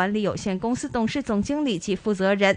管理有限公司董事總經理及負責人，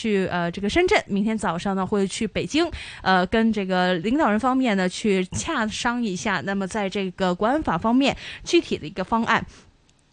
去呃，這個深圳，明天早上呢會去北京，呃，跟這個領導人方面呢去洽商一下。那麼在這個國安法方面，具體的一個方案。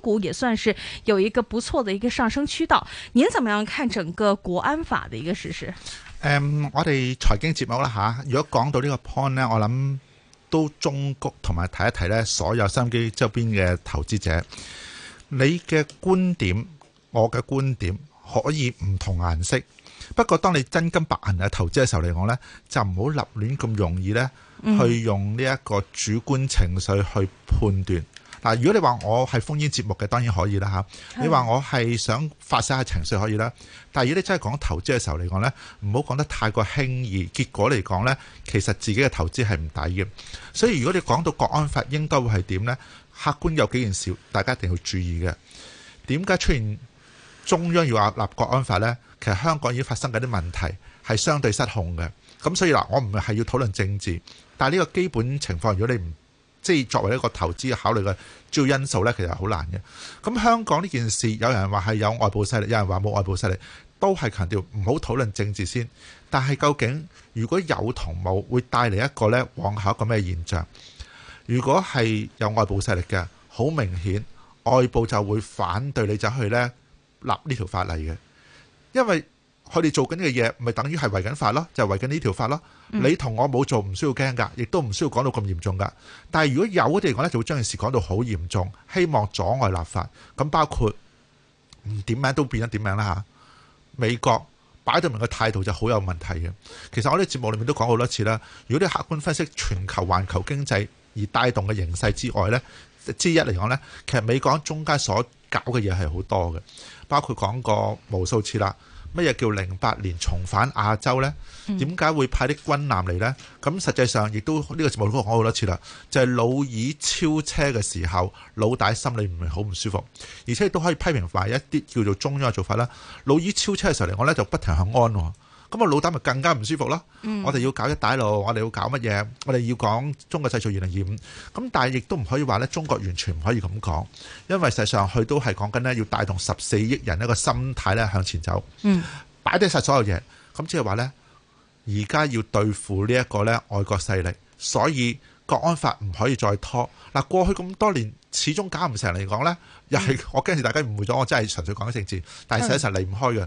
股也算是有一個不錯的一個上升渠道，您怎麼樣看整個國安法的一個實施？誒，um, 我哋財經節目啦吓，如果講到呢個 point 咧，我諗都中谷同埋提一提咧，所有收音機周邊嘅投資者，你嘅觀點，我嘅觀點可以唔同顏色，不過當你真金白銀去投資嘅時候嚟講咧，就唔好立亂咁容易咧，去用呢一個主觀情緒去判斷。嗱，如果你話我係封煙節目嘅，當然可以啦嚇。你話我係想發泄下情緒可以啦。但係如果你真係講投資嘅時候嚟講呢，唔好講得太過輕易，結果嚟講呢，其實自己嘅投資係唔抵嘅。所以如果你講到國安法應該會係點呢？客觀有幾件事大家一定要注意嘅。點解出現中央要話立國安法呢？其實香港已經發生緊啲問題係相對失控嘅。咁所以嗱，我唔係要討論政治，但係呢個基本情況，如果你唔即係作為一個投資考慮嘅主要因素呢，其實係好難嘅。咁香港呢件事，有人話係有外部勢力，有人話冇外部勢力，都係強調唔好討論政治先。但係究竟如果有同冇，會帶嚟一個呢，往後一個咩現象？如果係有外部勢力嘅，好明顯外部就會反對你走去呢立呢條法例嘅，因為佢哋做緊嘅嘢，咪等於係違緊法咯，就係違緊呢條法咯。你同我冇做，唔需要驚噶，亦都唔需要講到咁嚴重噶。但係如果有嘅地方嚟講呢，就會將件事講到好嚴重，希望阻礙立法。咁包括唔點、嗯、樣都變咗點樣啦、啊、美國擺到明嘅態度就好有問題嘅。其實我哋節目裏面都講好多次啦。如果你客觀分析全球環球經濟而帶動嘅形勢之外呢，之一嚟講呢，其實美國中間所搞嘅嘢係好多嘅，包括講過無數次啦。乜嘢叫零八年重返亞洲呢？點解會派啲軍艦嚟呢？咁實際上亦都呢個節目我都講好多次啦，就係老二超車嘅時候，老大心裏唔係好唔舒服，而且亦都可以批評埋一啲叫做中央嘅做法啦。老二超車嘅時候嚟，我呢就不停向安咁啊，我老袋咪更加唔舒服咯！嗯、我哋要搞一帶路，我哋要搞乜嘢？我哋要講中國製造二零二五。咁但係亦都唔可以話呢，中國完全唔可以咁講，因為實際上佢都係講緊呢，要帶動十四億人一個心態咧向前走。嗯，擺低晒所有嘢，咁即係話呢，而家要對付呢一個呢外國勢力，所以國安法唔可以再拖嗱。過去咁多年，始終搞唔成嚟講呢，又係、嗯、我驚住大家誤會咗，我真係純粹講緊政治，但係實際上離唔開嘅。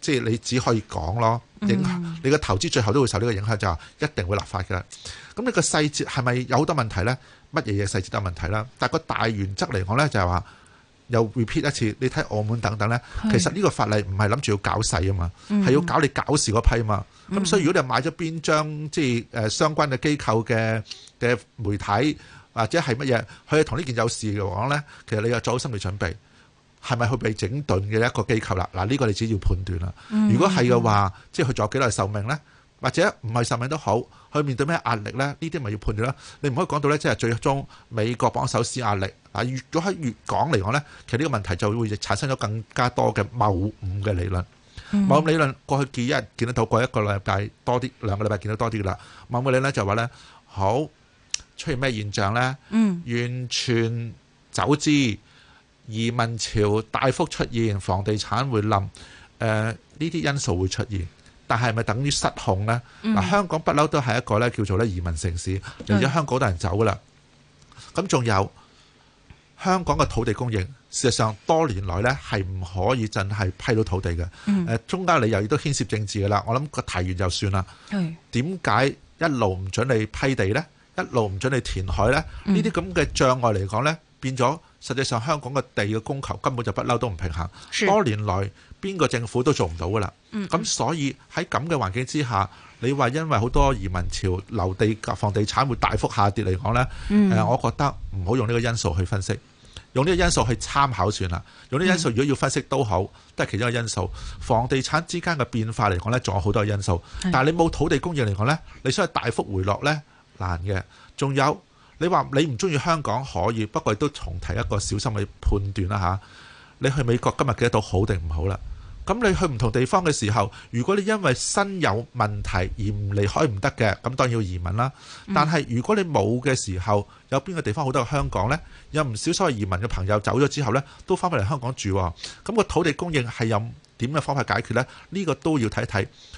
即係你只可以講咯，影響你個投資最後都會受呢個影響，就係一定會立法㗎喇。咁你個細節係咪有好多問題呢？乜嘢嘢細節都有問題啦。但係個大原則嚟講呢，就係話又 repeat 一次，你睇澳門等等呢。其實呢個法例唔係諗住要搞細啊嘛，係的要搞你搞事嗰批啊嘛。咁、嗯、所以如果你係買咗邊張即係誒、呃、相關嘅機構嘅嘅媒體或者係乜嘢，佢係同呢件有事嘅話呢，其實你又做好心理準備。係咪去被整頓嘅一個機構啦？嗱，呢個你自己判斷啦。如果係嘅話，嗯、即係佢仲有幾耐壽命咧？或者唔係壽命都好，去面對咩壓力咧？呢啲咪要判斷啦。你唔可以講到咧，即係最終美國幫手施壓力。嗱，如果喺粵港嚟講咧，其實呢個問題就會產生咗更加多嘅謬誤嘅理論。嗯、謬誤理論過去幾日見得到，過一個禮拜多啲，兩個禮拜見得多啲噶啦。謬誤理論就話咧，好出現咩現象咧？嗯、完全走資。移民潮大幅出現，房地產會冧，誒呢啲因素會出現，但係咪等於失控呢？嗱，香港不嬲都係一個咧叫做咧移民城市，而家香港好多人走啦，咁仲有香港嘅土地供應，事實上多年來咧係唔可以真係批到土地嘅，誒中間理由亦都牽涉政治㗎啦。我諗個提完就算啦，點解一路唔准你批地呢？一路唔准你填海呢？呢啲咁嘅障礙嚟講呢，變咗。實際上香港嘅地嘅供求根本就不嬲都唔平衡，多年來邊個政府都做唔到噶啦。咁所以喺咁嘅環境之下，你話因為好多移民潮、樓地、房地產會大幅下跌嚟講呢？我覺得唔好用呢個因素去分析，用呢個因素去參考算啦。用呢個因素如果要分析都好，都係其中一個因素。房地產之間嘅變化嚟講呢，仲有好多因素。但係你冇土地供應嚟講呢，你想係大幅回落呢，難嘅，仲有。你話你唔中意香港可以，不過你都重提一個小心嘅判斷啦吓，你去美國今日記得到好定唔好啦？咁你去唔同地方嘅時候，如果你因為身有問題而唔離開唔得嘅，咁當然要移民啦。但係如果你冇嘅時候，有邊個地方好得過香港呢？有唔少所謂移民嘅朋友走咗之後呢，都翻返嚟香港住。咁個土地供應係有點嘅方法解決呢？呢個都要睇一睇。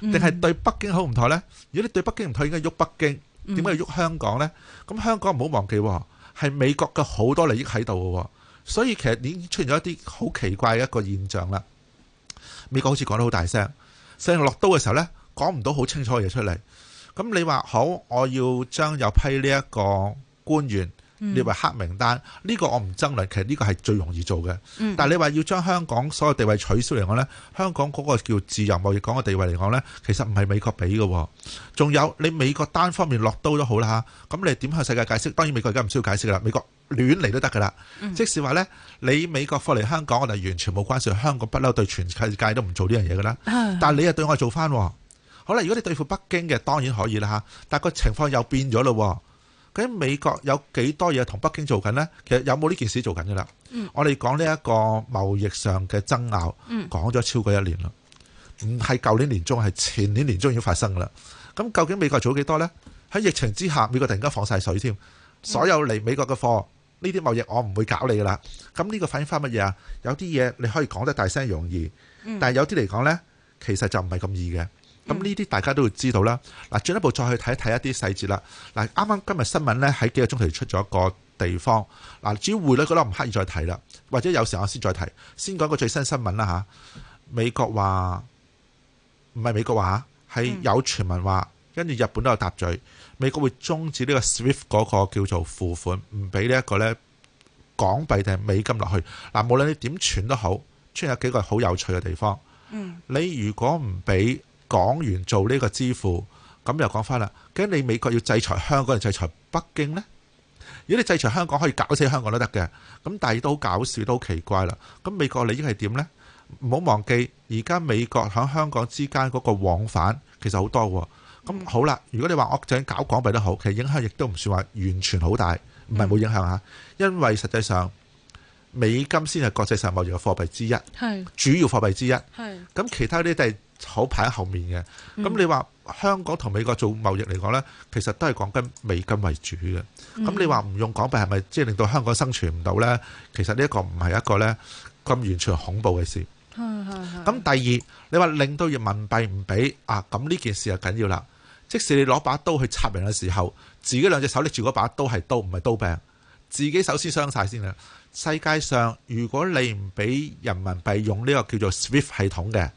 定係對北京好唔妥呢？如果你對北京唔妥，應該喐北京，點解要喐香港呢？咁香港唔好忘記，係美國嘅好多利益喺度嘅，所以其實已經出現咗一啲好奇怪嘅一個現象啦。美國好似講得好大聲，成落刀嘅時候呢，講唔到好清楚嘅嘢出嚟。咁你話好，我要將有批呢一個官員。列為黑名單，呢個我唔爭論，其實呢個係最容易做嘅。但係你話要將香港所有地位取消嚟講咧，香港嗰個叫自由貿易港嘅地位嚟講咧，其實唔係美國俾嘅。仲有你美國單方面落刀都好啦，咁你點向世界解釋？當然美國而家唔需要解釋嘅啦，美國亂嚟都得嘅啦。即使話咧，你美國貨嚟香港，我哋完全冇關稅，香港不嬲對全世界都唔做呢樣嘢嘅啦。但係你又對我做翻，好啦，如果你對付北京嘅當然可以啦嚇，但係個情況又變咗咯。喺美國有幾多嘢同北京做緊呢？其實有冇呢件事做緊㗎啦？我哋講呢一個貿易上嘅爭拗，講咗超過一年啦。唔係舊年年中，係前年年中已經發生㗎啦。咁究竟美國做咗幾多呢？喺疫情之下，美國突然間放曬水添，所有嚟美國嘅貨呢啲貿易我唔會搞你㗎啦。咁呢個反映翻乜嘢啊？有啲嘢你可以講得大聲容易，但係有啲嚟講呢，其實就唔係咁易嘅。咁呢啲大家都會知道啦。嗱，進一步再去睇一睇一啲細節啦。嗱，啱啱今日新聞呢，喺幾個鐘頭出咗一個地方嗱，至於匯率嗰度我唔刻意再提啦，或者有時候我先再提先講個最新新聞啦吓，美國話唔係美國話係有傳聞話，跟住日本都有答嘴，美國會中止呢個 Swift 嗰個叫做付款，唔俾呢一個呢港幣定係美金落去嗱。無論你點存都好，出現有幾個好有趣嘅地方。你如果唔俾。講完做呢個支付，咁又講翻啦。點解你美國要制裁香港，又制裁北京咧？如果你制裁香港，可以搞死香港都得嘅。咁但係都好搞笑，都好奇怪啦。咁美國利益係點咧？唔好忘記，而家美國響香港之間嗰個往返其實好多。咁好啦，如果你話惡整搞港幣都好，其實影響亦都唔算話完全好大，唔係冇影響啊。因為實際上，美金先係國際上貿易嘅貨幣之一，係主要貨幣之一，係咁其他啲都係。好排喺後面嘅，咁你話香港同美國做貿易嚟講呢，其實都係講緊美金為主嘅。咁你話唔用港幣係咪即係令到香港生存唔到呢？其實呢一個唔係一個呢咁完全恐怖嘅事。係係係。咁第二，你話令到人民幣唔俾啊，咁呢件事就緊要啦。即使你攞把刀去插人嘅時候，自己兩隻手拎住嗰把刀係刀，唔係刀柄，自己首先傷曬先啦。世界上如果你唔俾人民幣用呢個叫做 SWIFT 系統嘅。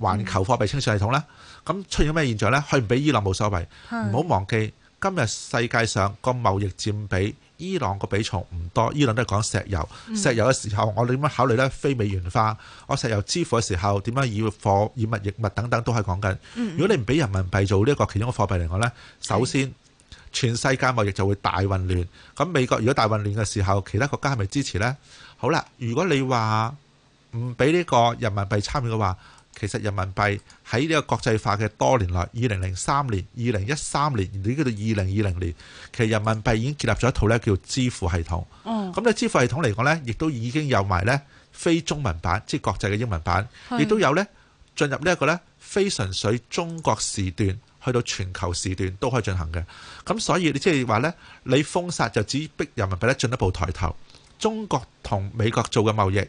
環球貨幣清算系統呢，咁出現咩現象呢？佢唔俾伊朗冇所謂，唔好是忘記今日世界上個貿易佔比伊朗個比重唔多。伊朗都係講石油，嗯、石油嘅時候我點樣考慮呢？非美元化，我石油支付嘅時候點樣以貨以物易物等等都係講緊。嗯、如果你唔俾人民幣做呢個其中嘅貨幣嚟講呢，首先是全世界貿易就會大混亂。咁美國如果大混亂嘅時候，其他國家係咪支持呢？好啦，如果你話唔俾呢個人民幣參與嘅話，其實人民幣喺呢個國際化嘅多年來，二零零三年、二零一三年，而家叫做二零二零年，其實人民幣已經建立咗一套咧叫支付系統。哦，咁咧支付系統嚟講咧，亦都已經有埋咧非中文版，即係國際嘅英文版，亦都有咧進入呢一個咧非純粹中國時段，去到全球時段都可以進行嘅。咁所以你即係話咧，你封殺就只逼人民幣咧進一步抬頭，中國同美國做嘅貿易。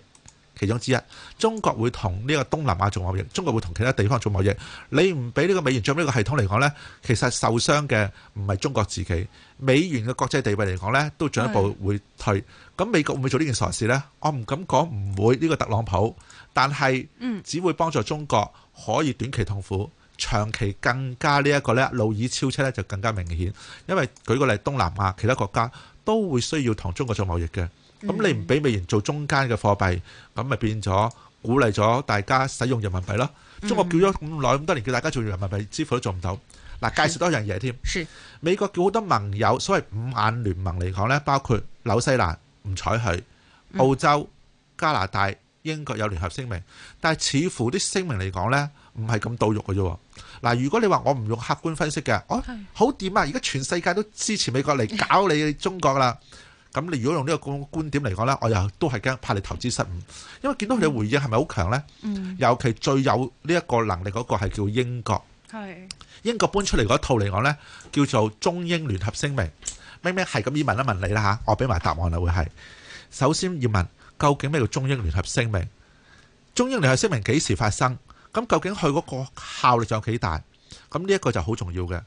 其中之一，中國會同呢個東南亞做貿易，中國會同其他地方做貿易。你唔俾呢個美元做呢個系統嚟講呢，其實受傷嘅唔係中國自己，美元嘅國際地位嚟講呢都進一步會退。咁美國會唔會做呢件傻事呢？我唔敢講唔會呢個特朗普，但係只會幫助中國可以短期痛苦，長期更加呢一個呢路爾超車呢就更加明顯。因為舉個例，東南亞其他國家都會需要同中國做貿易嘅。咁你唔俾美元做中間嘅貨幣，咁咪變咗鼓勵咗大家使用人民幣咯？中國叫咗咁耐咁多年，叫大家做人民幣支付都做唔到。嗱，介紹多一樣嘢添。美國叫好多盟友，所謂五眼聯盟嚟講呢，包括紐西蘭唔採佢、澳洲、加拿大、英國有聯合聲明，但係似乎啲聲明嚟講呢，唔係咁到肉嘅啫。嗱，如果你話我唔用客觀分析嘅，哦好掂啊？而家全世界都支持美國嚟搞你中國啦。咁你如果用呢個觀觀點嚟講咧，我又都係驚怕你投資失誤，因為見到佢哋回應係咪好強咧？嗯，尤其最有呢一個能力嗰個係叫英國，係英國搬出嚟嗰一套嚟講咧，叫做中英聯合聲明，明明係咁？依問一問你啦吓，我俾埋答案啦，會係首先要問究竟咩叫中英聯合聲明？中英聯合聲明幾時發生？咁究竟佢嗰個效力就有幾大？咁呢一個就好重要嘅。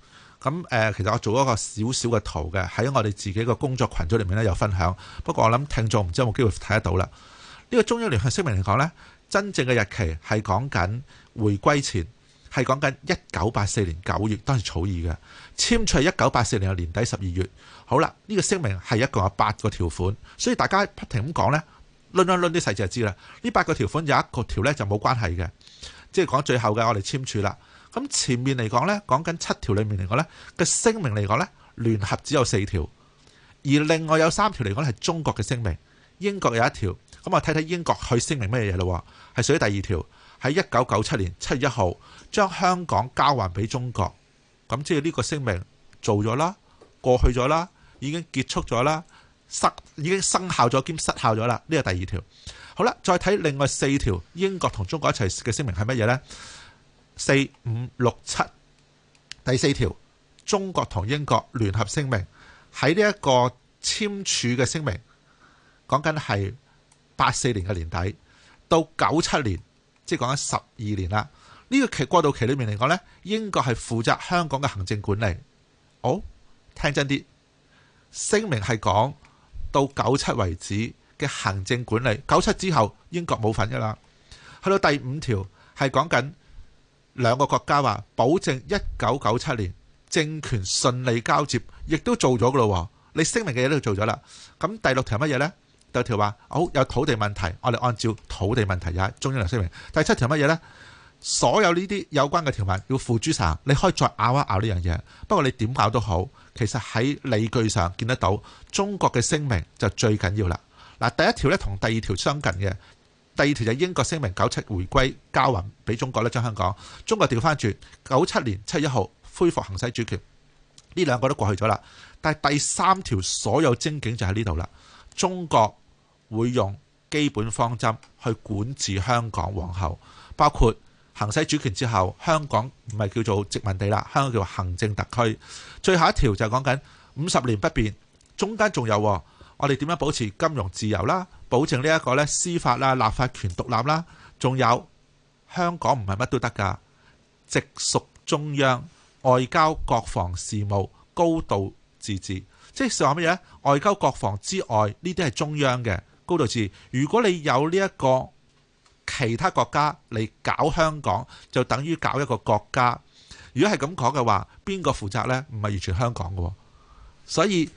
咁誒，其實我做一個小小嘅圖嘅，喺我哋自己個工作群組裏面咧有分享。不過我諗聽眾唔知有冇機會睇得到啦。呢個中英聯合聲明嚟講呢，真正嘅日期係講緊回歸前，係講緊一九八四年九月，當時草擬嘅簽署，一九八四年年底十二月。好啦，呢個聲明係一共有八個條款，所以大家不停咁講呢，「唻唻唻」啲細節就知啦。呢八個條款有一個條呢，就冇關係嘅，即係講最後嘅我哋簽署啦。咁前面嚟講咧，講緊七條裏面嚟講咧，個聲明嚟講咧，聯合只有四條，而另外有三條嚟講係中國嘅聲明，英國有一條，咁我睇睇英國去聲明乜嘢嘢咯，係屬於第二條，喺一九九七年七月一號將香港交還俾中國，咁即係呢個聲明做咗啦，過去咗啦，已經結束咗啦，失已經生效咗兼失效咗啦，呢個第二條。好啦，再睇另外四條英國同中國一齊嘅聲明係乜嘢咧？四五六七，第四條，中國同英國聯合聲明喺呢一個簽署嘅聲明，講緊係八四年嘅年底到九七年，即係講緊十二年啦。呢個期過渡期裏面嚟講呢，英國係負責香港嘅行政管理。哦，聽真啲聲明係講到九七為止嘅行政管理，九七之後英國冇份一啦。去到第五條係講緊。兩個國家話保證一九九七年政權順利交接，亦都做咗噶咯。你聲明嘅嘢都做咗啦。咁第六條乜嘢呢？第六條話好有土地問題，我哋按照土地問題也中英嘅聲明。第七條乜嘢呢？所有呢啲有關嘅條文要付諸曬，你可以再拗一拗呢樣嘢。不過你點拗都好，其實喺理據上見得到中國嘅聲明就最緊要啦。嗱，第一條呢，同第二條相近嘅。第二條就係英國聲明九七回歸交還俾中國咧，將香港中國調翻轉。九七年七月一號恢復行使主權，呢兩個都過去咗啦。但係第三條所有精警就喺呢度啦。中國會用基本方針去管治香港皇后，包括行使主權之後，香港唔係叫做殖民地啦，香港叫行政特區。最後一條就係講緊五十年不變，中間仲有我哋點樣保持金融自由啦。保證呢一個呢司法啦、立法權獨立啦，仲有香港唔係乜都得噶，直屬中央、外交、國防事務高度自治，即係話乜嘢？外交、國防之外，呢啲係中央嘅高度自治。如果你有呢一個其他國家嚟搞香港，就等於搞一個國家。如果係咁講嘅話，邊個負責呢？唔係完全香港噶，所以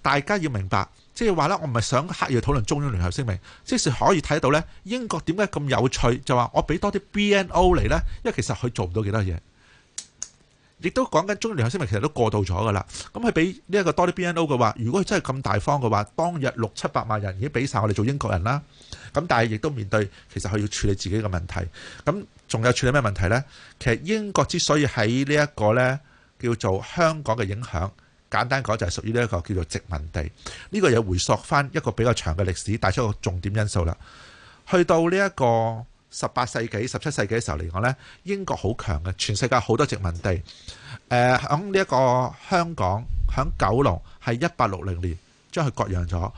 大家要明白。即係話咧我唔係想刻意討論中英聯合聲明，即是可以睇到咧英國點解咁有趣？就話我俾多啲 BNO 嚟咧因為其實佢做唔到幾多嘢。亦都講緊中英聯合聲明，其實都過度咗噶啦咁佢俾呢一個多啲 BNO 嘅話，如果佢真係咁大方嘅話，當日六七百萬人已經俾晒我哋做英國人啦。咁但係亦都面對，其實佢要處理自己嘅問題。咁仲有處理咩問題咧其實英國之所以喺呢一個咧叫做香港嘅影響。簡單講就係屬於呢一個叫做殖民地，呢、這個又回溯翻一個比較長嘅歷史，帶出一個重點因素啦。去到呢一個十八世紀、十七世紀嘅時候嚟講呢，英國好強嘅，全世界好多殖民地。誒、呃，響呢一個香港、響九龍，係一八六零年將佢割讓咗。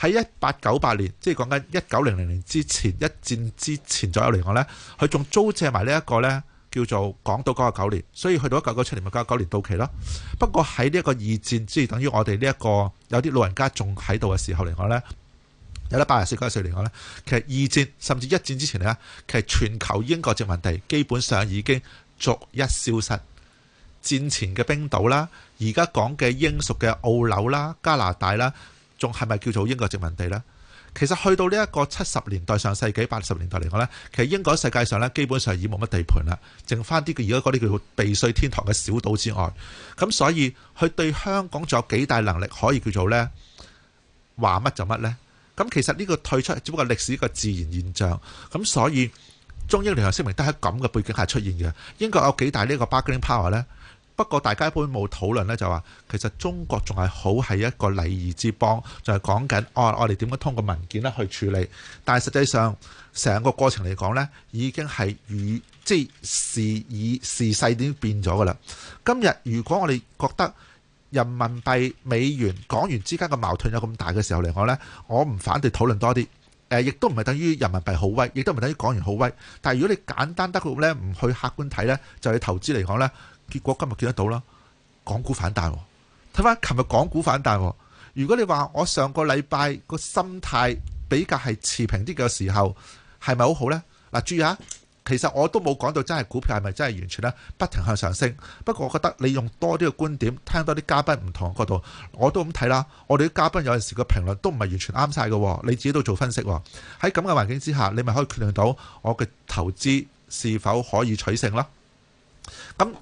喺一八九八年，即係講緊一九零零年之前，一戰之前左右嚟講呢，佢仲租借埋呢一個呢。叫做港島九十九年，所以去到一九九七年咪九十九年到期咯。不過喺呢一個二戰之，等於我哋呢一個有啲老人家仲喺度嘅時候嚟講呢，有得八十四、九十四年講呢，其實二戰甚至一戰之前咧，其實全球英國殖民地基本上已經逐一消失。戰前嘅冰島啦，而家講嘅英屬嘅澳紐啦、加拿大啦，仲係咪叫做英國殖民地呢？其實去到呢一個七十年代、上世紀八十年代嚟講呢，其實英國世界上呢，基本上已經冇乜地盤啦，剩翻啲嘅，而家嗰啲叫避稅天堂嘅小島之外，咁所以佢對香港仲有幾大能力可以叫做呢？話乜就乜呢？咁其實呢個退出只不過歷史一個自然現象，咁所以中英聯合聲明都喺咁嘅背景下出現嘅。英國有幾大呢個 bargaining power 呢？不過大家一般冇討論呢，就話其實中國仲係好係一個禮儀之邦，就係講緊我我哋點樣通過文件咧去處理。但係實際上成個過程嚟講呢，已經係與即時以時勢已經變咗㗎喇。今日如果我哋覺得人民幣、美元、港元之間嘅矛盾有咁大嘅時候嚟講呢，我唔反對討論多啲。誒，亦都唔係等於人民幣好威，亦都唔等於港元好威。但係如果你簡單得嚟呢，唔去客觀睇呢，就去投資嚟講呢，結果今日見得到囉。港股反彈，睇翻琴日港股反彈。如果你話我上個禮拜個心態比較係持平啲嘅時候，係咪好好呢？嗱，注意下。其實我都冇講到真係股票係咪真係完全咧不停向上升。不過我覺得你用多啲嘅觀點，聽多啲嘉賓唔同角度，我都咁睇啦。我哋啲嘉賓有陣時個評論都唔係完全啱晒嘅。你自己都做分析喎。喺咁嘅環境之下，你咪可以決定到我嘅投資是否可以取勝囉。咁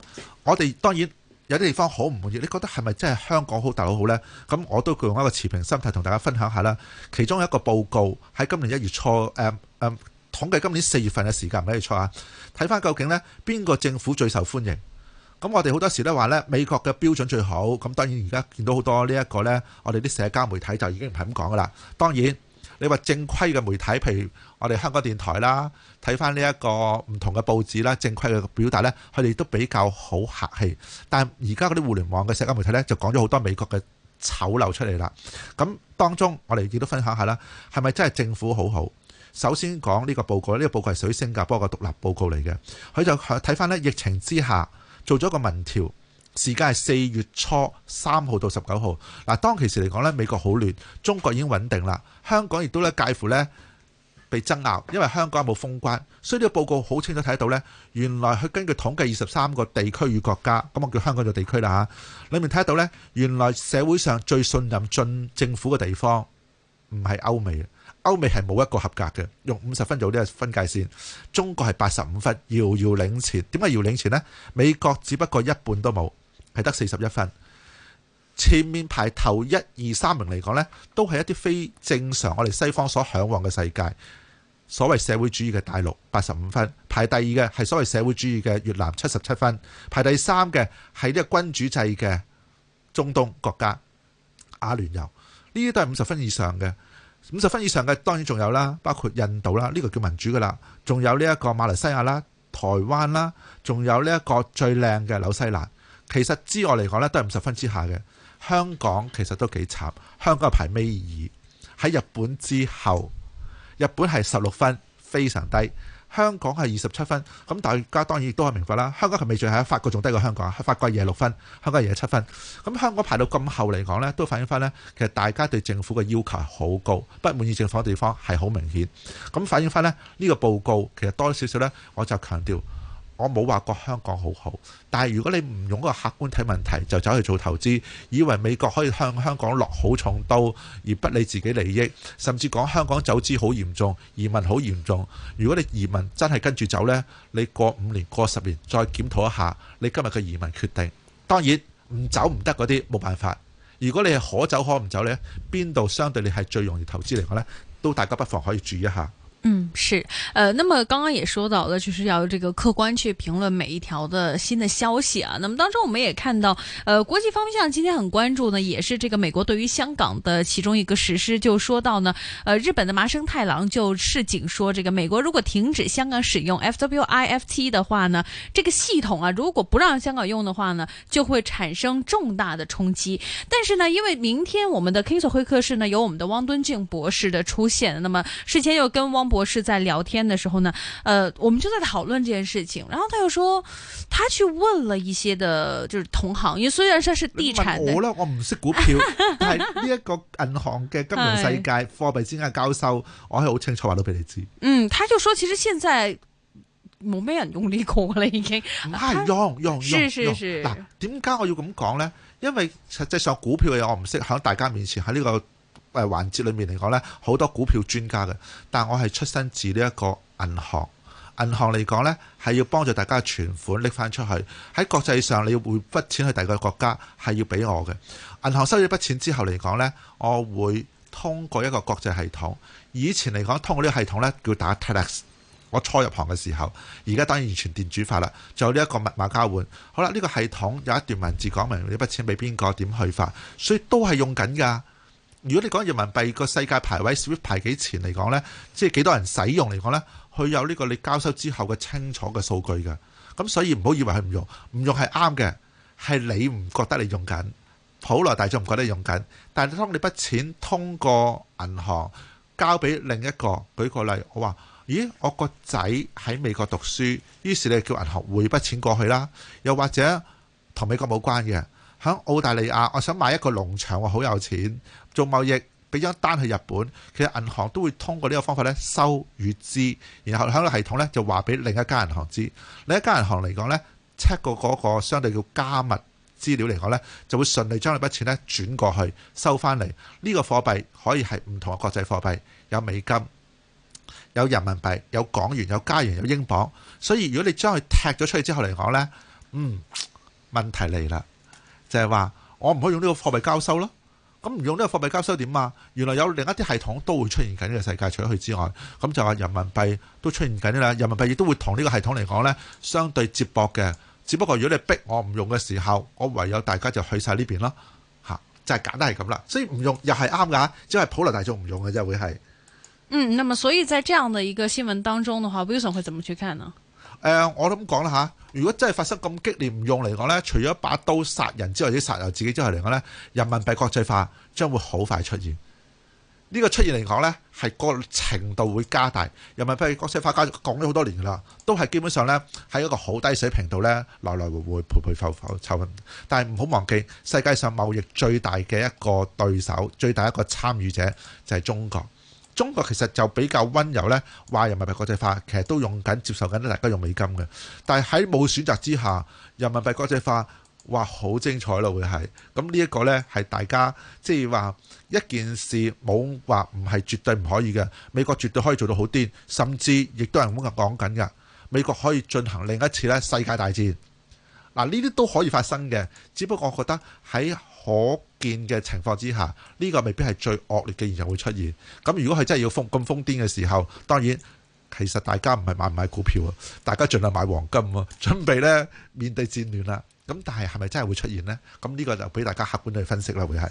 我哋當然有啲地方好唔滿意。你覺得係咪真係香港好大佬好呢？咁我都用一個持平心態同大家分享一下啦。其中一個報告喺今年一月初 um um 統計今年四月份嘅時間，唔好錯啊！睇翻究竟呢邊個政府最受歡迎？咁我哋好多時都話呢，美國嘅標準最好。咁當然而家見到好多呢一個呢，我哋啲社交媒體就已經唔係咁講噶啦。當然，你話正規嘅媒體，譬如我哋香港電台啦，睇翻呢一個唔同嘅報紙啦，正規嘅表達呢，佢哋都比較好客氣。但係而家嗰啲互聯網嘅社交媒體呢，就講咗好多美國嘅醜陋出嚟啦。咁當中我哋亦都分享下啦，係咪真係政府好好？首先講呢個報告，呢個報告係屬於新加坡個獨立報告嚟嘅。佢就睇翻呢疫情之下做咗個民調，時間係四月初三號到十九號。嗱，當其時嚟講呢，美國好亂，中國已經穩定啦，香港亦都呢介乎呢被爭拗，因為香港有冇封關，所以呢個報告好清楚睇得到呢，原來佢根據統計，二十三個地區與國家，咁我叫香港做地區啦嚇。裡面睇得到呢，原來社會上最信任進政府嘅地方唔係歐美。歐美係冇一個合格嘅，用五十分做呢個分界線。中國係八十五分，遙遙領前。點解遙領前呢？美國只不過一半都冇，係得四十一分。前面排頭 1, 2, 一二三名嚟講呢，都係一啲非正常我哋西方所向往嘅世界，所謂社會主義嘅大陸八十五分，排第二嘅係所謂社會主義嘅越南七十七分，排第三嘅係呢個君主制嘅中東國家阿聯酋，呢啲都係五十分以上嘅。五十分以上嘅當然仲有啦，包括印度啦，呢個叫民主噶啦，仲有呢一個馬來西亞啦、台灣啦，仲有呢一個最靚嘅紐西蘭。其實之外嚟講呢，都係五十分之下嘅。香港其實都幾慘，香港係排尾二，喺日本之後，日本係十六分，非常低。香港係二十七分，咁大家當然都係明白啦。香港係未最喺法國仲低過香港，喺法國係二十六分，香港係二十七分。咁香港排到咁後嚟講呢，都反映翻呢，其實大家對政府嘅要求好高，不滿意政府嘅地方係好明顯。咁反映翻呢，呢個報告其實多少少呢，我就強調。我冇話過香港好好，但係如果你唔用個客觀睇問題，就走去做投資，以為美國可以向香港落好重刀而不理自己利益，甚至講香港走資好嚴重，移民好嚴重。如果你移民真係跟住走呢，你過五年、過十年再檢討一下你今日嘅移民決定。當然唔走唔得嗰啲冇辦法。如果你係可走可唔走呢，邊度相對你係最容易投資嚟講呢？都大家不妨可以注意一下。嗯，是，呃，那麼剛剛也說到了，就是要這個客觀去評論每一條的新的消息啊。那麼當中我們也看到，呃，國際方向今天很關注呢，也是這個美國對於香港的其中一個實施，就說到呢，呃，日本的麻生太郎就示警說，這個美國如果停止香港使用 FWIFT 的話呢，這個系統啊，如果不讓香港用的話呢，就會產生重大的衝擊。但是呢，因為明天我們的 Kingswell 會客室呢有我們的汪敦靜博士的出現，那麼事前又跟汪博。我是在聊天的時候呢，呃，我們就在討論這件事情，然後他又說，他去問了一些的，就是同行，因為雖然佢係地產我，我咧我唔識股票， 但係呢一個銀行嘅金融世界、貨幣 之間交收，我係好清楚話到俾你知。嗯，他就說其實現在冇咩人用呢個啦，已經係用用用用。嗱，點解是我要咁講呢？因為實際上股票嘅嘢我唔識，喺大家面前喺呢、這個。誒，環節裏面嚟講呢，好多股票專家嘅，但我係出身自呢一個銀行。銀行嚟講呢係要幫助大家存款拎翻出去。喺國際上，你要匯筆錢去第二個國家，係要俾我嘅。銀行收咗筆錢之後嚟講呢，我會通過一個國際系統。以前嚟講，通過呢個系統呢，叫打 Telex。我初入行嘅時候，而家當然完全電子化啦，仲有呢一個密碼交換。好啦，呢個系統有一段文字講明呢筆錢俾邊個，點去發，所以都係用緊噶。如果你講人民幣個世界排位，SWIFT 排幾前嚟講呢，即係幾多人使用嚟講呢，佢有呢個你交收之後嘅清楚嘅數據嘅。咁所以唔好以為佢唔用，唔用係啱嘅，係你唔覺得你用緊，普羅大眾唔覺得你用緊。但係當你筆錢通過銀行交俾另一個，舉個例，我話：咦，我個仔喺美國讀書，於是你就叫銀行匯筆錢過去啦。又或者同美國冇關嘅，喺澳大利亞，我想買一個農場，我好有錢。做貿易俾咗單去日本，其實銀行都會通過呢個方法咧收與支，然後喺個系統咧就話俾另一間銀行知，另一間銀行嚟講呢 check 過嗰個相對叫加密資料嚟講呢，就會順利將呢筆錢咧轉過去收翻嚟。呢個貨幣可以係唔同嘅國際貨幣，有美金、有人民幣、有港元、有加元、有英鎊。所以如果你將佢踢咗出去之後嚟講呢，嗯，問題嚟啦，就係話我唔可以用呢個貨幣交收咯。咁唔用呢個貨幣交收點啊？原來有另一啲系統都會出現緊呢個世界，除咗佢之外，咁就話人民幣都出現緊啦。人民幣亦都會同呢個系統嚟講呢，相對接駁嘅。只不過如果你逼我唔用嘅時候，我唯有大家就去晒呢邊咯。吓，就係簡單係咁啦。所以唔用又係啱噶，只係普羅大眾唔用嘅啫，會係。嗯，那麼所以在這樣的一個新聞當中的話，Wilson、嗯、會怎麼去看呢？誒、呃，我都咁講啦吓，如果真係發生咁激烈唔用嚟講呢，除咗一把刀殺人之外，啲殺人自己之外嚟講呢，人民幣國際化將會好快出現。呢個出現嚟講呢，係個程度會加大。人民幣國際化講咗好多年啦，都係基本上呢，喺一個好低水平度呢，來來回回，徘徊，浮浮浮，抽。但係唔好忘記，世界上貿易最大嘅一個對手，最大一個參與者就係中國。中國其實就比較溫柔咧，話人民幣國際化，其實都用緊、接受緊咧，大家用美金嘅。但係喺冇選擇之下，人民幣國際化話好精彩咯，會係咁呢一個呢，係大家即係話一件事冇話唔係絕對唔可以嘅。美國絕對可以做到好癲，甚至亦都係咁講緊㗎。美國可以進行另一次咧世界大戰，嗱，呢啲都可以發生嘅，只不過我覺得喺可。見嘅情況之下，呢、這個未必係最惡劣嘅現象會出現。咁如果佢真係要瘋咁瘋癲嘅時候，當然其實大家唔係買唔買股票啊，大家盡量買黃金，準備咧面對戰亂啦。咁但係係咪真係會出現呢？咁呢個就俾大家客觀去分析啦，會係。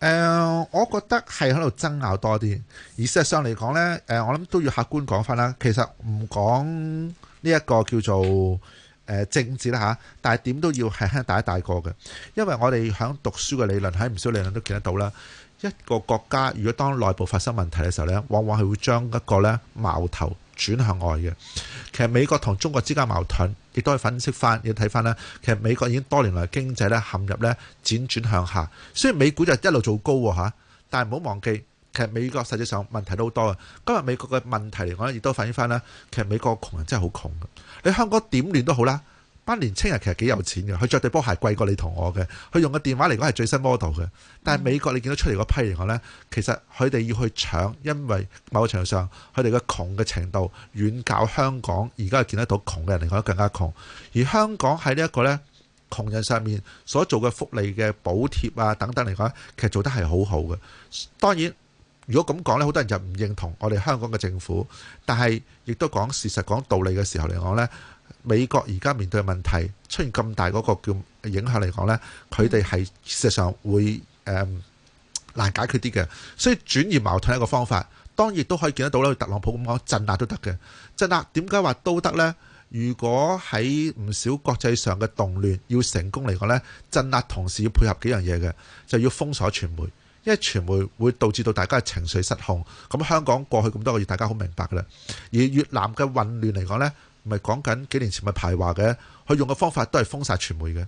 誒、呃，我覺得係喺度爭拗多啲。而事實上嚟講呢，誒、呃，我諗都要客觀講翻啦。其實唔講呢一個叫做誒、呃、政治啦嚇、啊，但係點都要係輕大一大個嘅。因為我哋喺讀書嘅理論，喺唔少理論都見得到啦。一個國家如果當內部發生問題嘅時候呢，往往係會將一個呢矛頭，轉向外嘅，其實美國同中國之間矛盾，亦都可以分析翻，要睇翻咧。其實美國已經多年來經濟咧陷入咧輾轉向下，雖然美股就一路做高喎嚇。但係唔好忘記，其實美國實際上問題都好多嘅。今日美國嘅問題嚟講，亦都反映翻咧，其實美國窮人真係好窮嘅。你香港點亂都好啦。班年青人其實幾有錢嘅，佢着對波鞋貴過你同我嘅，佢用嘅電話嚟講係最新 model 嘅。但係美國你見到出嚟嗰批嚟講呢，其實佢哋要去搶，因為某個程度上佢哋嘅窮嘅程度，程度遠較香港而家係見得到窮嘅人，嚟講更加窮。而香港喺呢一個呢窮人上面所做嘅福利嘅補貼啊等等嚟講，其實做得係好好嘅。當然，如果咁講呢，好多人就唔認同我哋香港嘅政府，但係亦都講事實講道理嘅時候嚟講呢。美國而家面對嘅問題出現咁大嗰個叫影響嚟講呢，佢哋係事實上會誒、嗯、難解決啲嘅，所以轉移矛盾係一個方法，當然都可以見得到啦。特朗普咁講，鎮壓都得嘅，鎮壓點解話都得呢？如果喺唔少國際上嘅動亂要成功嚟講呢，鎮壓同時要配合幾樣嘢嘅，就要封鎖傳媒，因為傳媒會導致到大家嘅情緒失控。咁香港過去咁多個月，大家好明白噶啦。而越南嘅混亂嚟講呢。唔係講緊幾年前咪排華嘅，佢用嘅方法都係封殺傳媒嘅。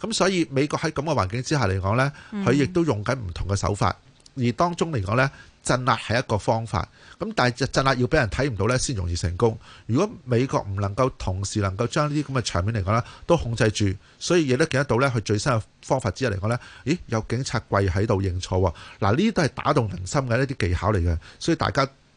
咁所以美國喺咁嘅環境之下嚟講呢，佢亦都用緊唔同嘅手法。嗯、而當中嚟講呢，鎮壓係一個方法。咁但係鎮壓要俾人睇唔到呢，先容易成功。如果美國唔能夠同時能夠將呢啲咁嘅場面嚟講呢，都控制住，所以亦都見得到呢，佢最新嘅方法之一嚟講呢，咦有警察跪喺度認錯喎。嗱呢啲都係打動人心嘅一啲技巧嚟嘅，所以大家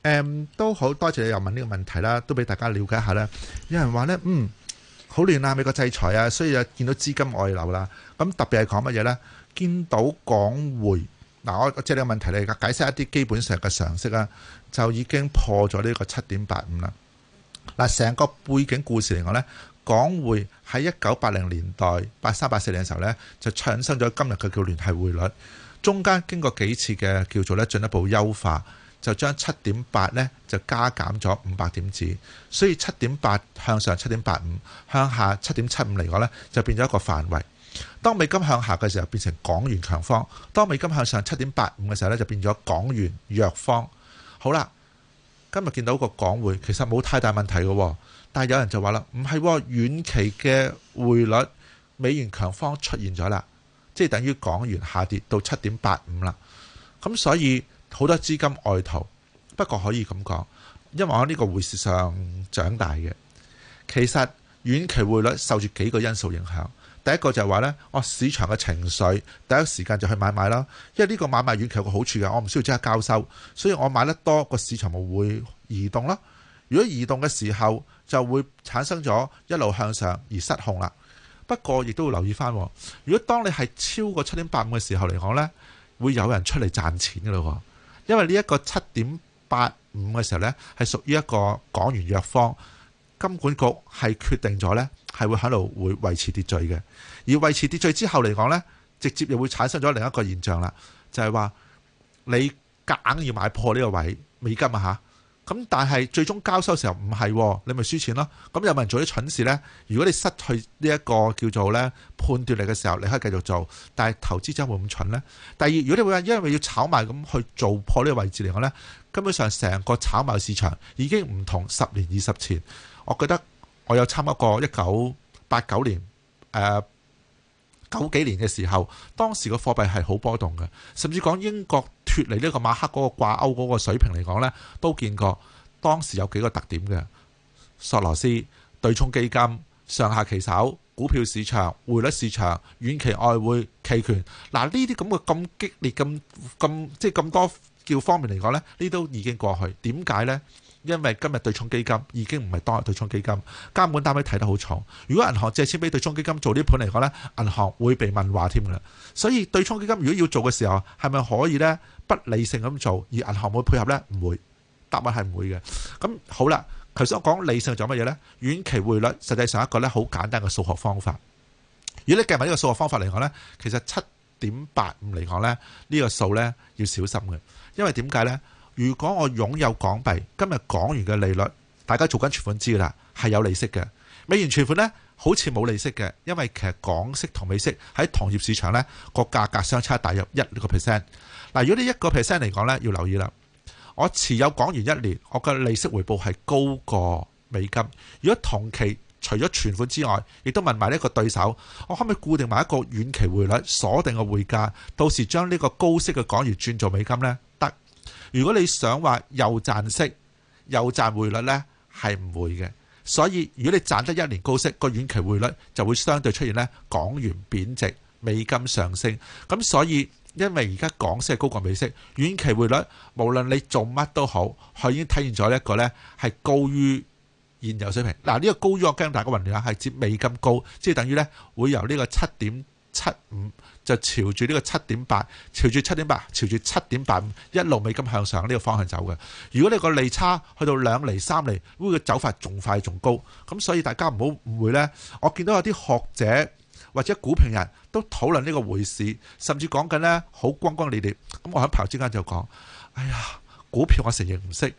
誒、嗯，都好多謝你又問呢個問題啦，都俾大家了解一下咧。有人話呢，嗯，好亂啊，美國制裁啊，所以又見到資金外流啦。咁特別係講乜嘢呢？見到港匯嗱，我即係呢個問題你解釋一啲基本上嘅常識啦，就已經破咗呢個七點八五啦。嗱，成個背景故事嚟講呢，港匯喺一九八零年代八三八四年嘅時候呢，就產生咗今日嘅叫聯繫匯率，中間經過幾次嘅叫做呢進一步優化。就將七點八咧，就加減咗五百點子，所以七點八向上七點八五，向下七點七五嚟講咧，就變咗一個範圍。當美金向下嘅時候，變成港元強方；當美金向上七點八五嘅時候咧，就變咗港元弱方。好啦，今日見到個港匯其實冇太大問題嘅，但係有人就話啦，唔係喎，遠期嘅匯率美元強方出現咗啦，即係等於港元下跌到七點八五啦。咁所以好多資金外逃，不過可以咁講，因為我喺呢個匯市上長大嘅。其實遠期匯率受住幾個因素影響，第一個就係話呢，我市場嘅情緒第一時間就去買賣啦，因為呢個買賣遠期有個好處嘅，我唔需要即刻交收，所以我買得多個市場會移動咯。如果移動嘅時候就會產生咗一路向上而失控啦。不過亦都要留意返，如果當你係超過七點八五嘅時候嚟講呢，會有人出嚟賺錢㗎喇喎。因為呢一個七點八五嘅時候呢，係屬於一個港元弱方，金管局係決定咗呢，係會喺度會維持秩序嘅。而維持秩序之後嚟講呢，直接又會產生咗另一個現象啦，就係、是、話你硬要買破呢個位美金啊吓。咁但係最終交收的時候唔係、哦，你咪輸錢咯。咁有冇人做啲蠢事呢？如果你失去呢一個叫做呢判斷力嘅時候，你可以繼續做。但係投資者會唔會咁蠢呢？第二，如果你會因為要炒賣咁去做破呢個位置嚟講呢，根本上成個炒賣市場已經唔同十年二十前。我覺得我有參加過一九八九年誒、呃、九幾年嘅時候，當時個貨幣係好波動嘅，甚至講英國。越嚟呢個馬克嗰個掛鈎嗰個水平嚟講呢，都見過當時有幾個特點嘅索羅斯對沖基金上下其手，股票市場、匯率市場、遠期外匯、期權嗱，呢啲咁嘅，咁激烈咁，咁即係咁多叫方面嚟講呢，呢都已經過去。點解呢？因為今日對沖基金已經唔係當日對沖基金，監管單位睇得好重。如果銀行借錢俾對沖基金做呢盤嚟講呢，銀行會被問話添㗎喇。所以對沖基金如果要做嘅時候，係咪可以呢？不理性咁做，而銀行會配合呢？唔會，答案係唔會嘅。咁好啦，頭先我講理性做乜嘢呢？遠期匯率實際上一個呢，好簡單嘅數學方法。如果你計埋呢個數學方法嚟講呢，其實七點八五嚟講呢，呢個數呢要小心嘅，因為點解呢？如果我擁有港幣，今日港元嘅利率，大家做緊存款知㗎啦，係有利息嘅。美元存款呢，好似冇利息嘅，因為其實港息同美息喺同業市場呢個價格相差大約一個 percent。嗱，如果你、這、一個 percent 嚟講呢，要留意啦，我持有港元一年，我嘅利息回報係高過美金。如果同期除咗存款之外，亦都問埋呢一個對手，我可唔可以固定埋一個遠期匯率鎖定個匯價，到時將呢個高息嘅港元轉做美金呢？得。如果你想話又賺息又賺匯率呢，係唔會嘅。所以，如果你賺得一年高息，個遠期匯率就會相對出現咧港元貶值、美金上升。咁所以，因為而家港息係高過美息，遠期匯率無論你做乜都好，佢已經體現咗一個咧係高於現有水平。嗱、啊，呢、呢個高於我強大嘅混亂係接美金高，即係等於咧會由呢個七點七五。就朝住呢個七點八，朝住七點八，朝住七點八一路，未咁向上呢個方向走嘅。如果你個利差去到兩厘、三厘，會個走法仲快、仲高。咁所以大家唔好誤會呢。我見到有啲學者或者股評人都討論呢個回事，甚至講緊呢好轟轟烈烈。咁我喺朋友之間就講：哎呀，股票我成日唔識。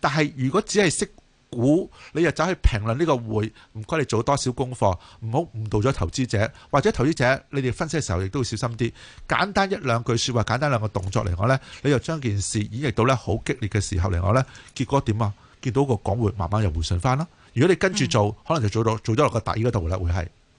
但係如果只係識。估，你又走去評論呢個會，唔該你做多少功課，唔好誤導咗投資者，或者投資者你哋分析嘅時候亦都要小心啲，簡單一兩句説話，簡單兩個動作嚟講呢，你就將件事演繹到呢好激烈嘅時候嚟講呢，結果點啊？見到個港匯慢慢又回順翻啦。如果你跟住做，嗯、可能就做到做咗落個底嗰度啦，會係。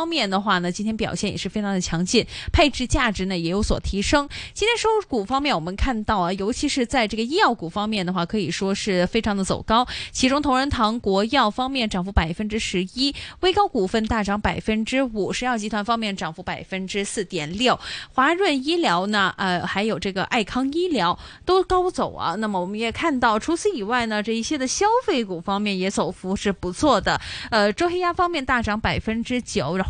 方面的話呢，今天表現也是非常的強勁，配置價值呢也有所提升。今天收入股方面，我們看到啊，尤其是在這個醫藥股方面的話，可以說是非常的走高。其中同仁堂、國藥方面漲幅百分之十一，威高股份大漲百分之五，石藥集團方面漲幅百分之四點六，華潤醫療呢，呃，還有這個愛康醫療都高走啊。那麼我們也看到，除此以外呢，這一些的消費股方面也走幅是不錯的。呃，周黑鴨方面大漲百分之九，然後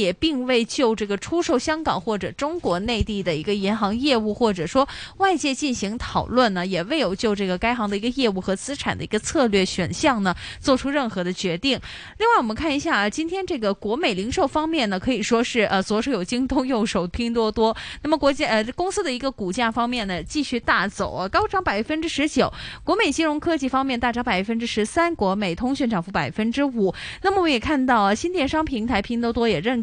也並未就這個出售香港或者中國內地的一個銀行業務，或者說外界進行討論呢，也未有就這個該行的一個業務和資產的一個策略選項呢做出任何的決定。另外，我們看一下啊，今天這個國美零售方面呢，可以說是呃、啊、左手有京東，右手拼多多。那麼國家呃公司的一個股價方面呢，繼續大走啊，高漲百分之十九，國美金融科技方面大漲百分之十三，國美通訊漲幅百分之五。那麼我們也看到啊，新電商平台拼多多也認